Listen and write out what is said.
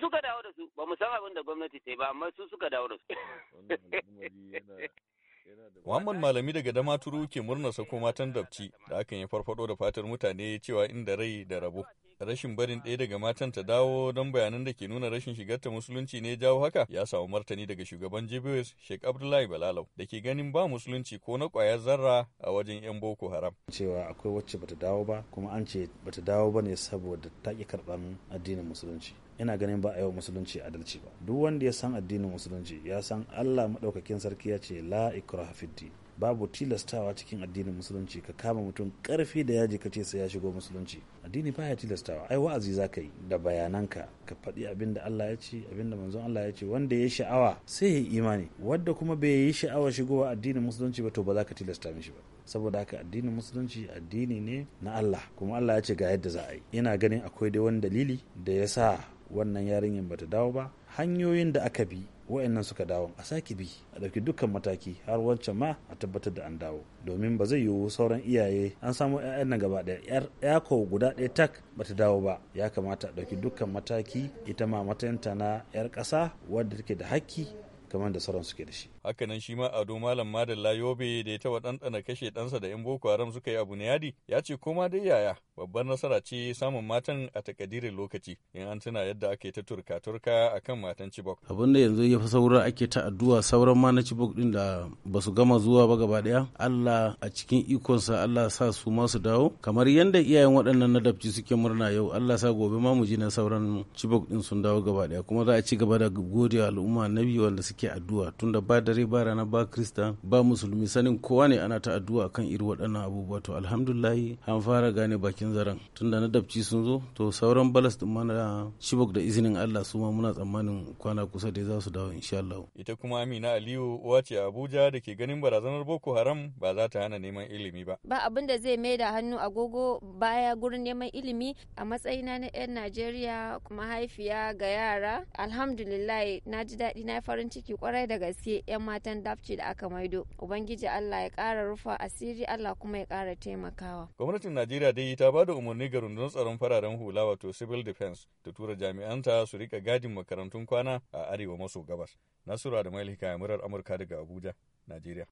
suka dawo da su ba mu san abin da gwamnati ta yi ba amma su suka dawo da su Muhammad Malami daga Damaturu ke murnar sako matan dabci da akan yi farfado da fatar mutane cewa inda rai da rabo. rashin barin ɗaya daga matan ta dawo don bayanan da ke nuna rashin shigarta musulunci ne jawo haka ya samu martani daga shugaban JBS Sheikh Abdullahi Balalau da ke ganin ba musulunci ko na ƙwayar zarra a wajen 'yan Boko Haram. Cewa akwai wacce bata dawo ba kuma an ce bata dawo ba ne saboda ta ƙi karɓan addinin musulunci. ina ganin ba a yau musulunci adalci ba duk wanda ya san addinin musulunci ya san allah maɗaukakin sarki ya ce la ikraha babu tilastawa cikin addinin musulunci ka kama mutum karfi da yaji ka ce sai ya shigo musulunci addini baya tilastawa ai wa'azi za ka yi da bayananka ka faɗi abin da Allah ya ce abin da manzon Allah ya ce wanda ya sha'awa sai ya imani wanda kuma bai yi sha'awa shigowa addinin musulunci ba to ba za ka tilasta mishi ba saboda haka addinin musulunci addini ne na Allah kuma Allah ya ce ga yadda za a yi ina ganin akwai dai wani dalili da ya sa wannan yarinyar bata dawo ba hanyoyin da aka bi wa'annan suka dawo a sake bi a ɗauki dukkan mataki har wancan ma a tabbatar da an dawo domin ba zai yiwu sauran iyaye an samu 'ya'yan nan gaba ɗaya ya ko guda ɗaya tak ba ta dawo ba ya kamata a ɗauki dukkan mataki ita ma matayanta na 'yar ƙasa wadda take da hakki kamar da sauran suke da shi. Hakanan shi ma Ado Malam Madalla Yobe da ya taɓa ɗanɗana kashe ɗansa da 'yan Boko Haram suka yi abu na yadi ya ce koma dai yaya babbar nasara ce samun matan a takadirin lokaci in an tuna yadda ake ta turka-turka a kan matan cibok. Abin da yanzu ya fi saura ake ta addu'a sauran ma na Chibok ɗin da ba su gama zuwa ba gaba ɗaya Allah a cikin ikonsa Allah sa su ma su dawo kamar yadda iyayen waɗannan nadabci suke murna yau Allah sa gobe ma mu ji na sauran cibok ɗin sun dawo gaba ɗaya kuma za a ci gaba da gode al'umma biyu wanda suke ake addu'a tunda ba dare ba rana ba krista ba musulmi sanin kowa ne ana ta addu'a kan iri waɗannan abubuwa to alhamdulillahi an fara gane bakin zaren tunda na dabci sun zo to sauran balas din mana shibok da izinin Allah su ma muna tsammanin kwana kusa da za su dawo insha Allah ita kuma Amina Aliyu uwa ce Abuja da ke ganin barazanar Boko Haram ba za ta hana neman ilimi ba ba abin da zai mai da hannu agogo baya gurin neman ilimi a matsayina na 'yan Najeriya kuma haifiya ga yara alhamdulillah na ji daɗi na farin ciki ciki kwarai da gaske 'yan matan dafci da aka maido ubangiji allah ya kara rufa asiri allah kuma ya kara taimakawa gwamnatin najeriya dai ta ba da umarni ga rundunar tsaron fararen hula wato civil defense ta tura jami'anta su rika gadin makarantun kwana a arewa maso gabas nasura da mailika murar amurka daga abuja najeriya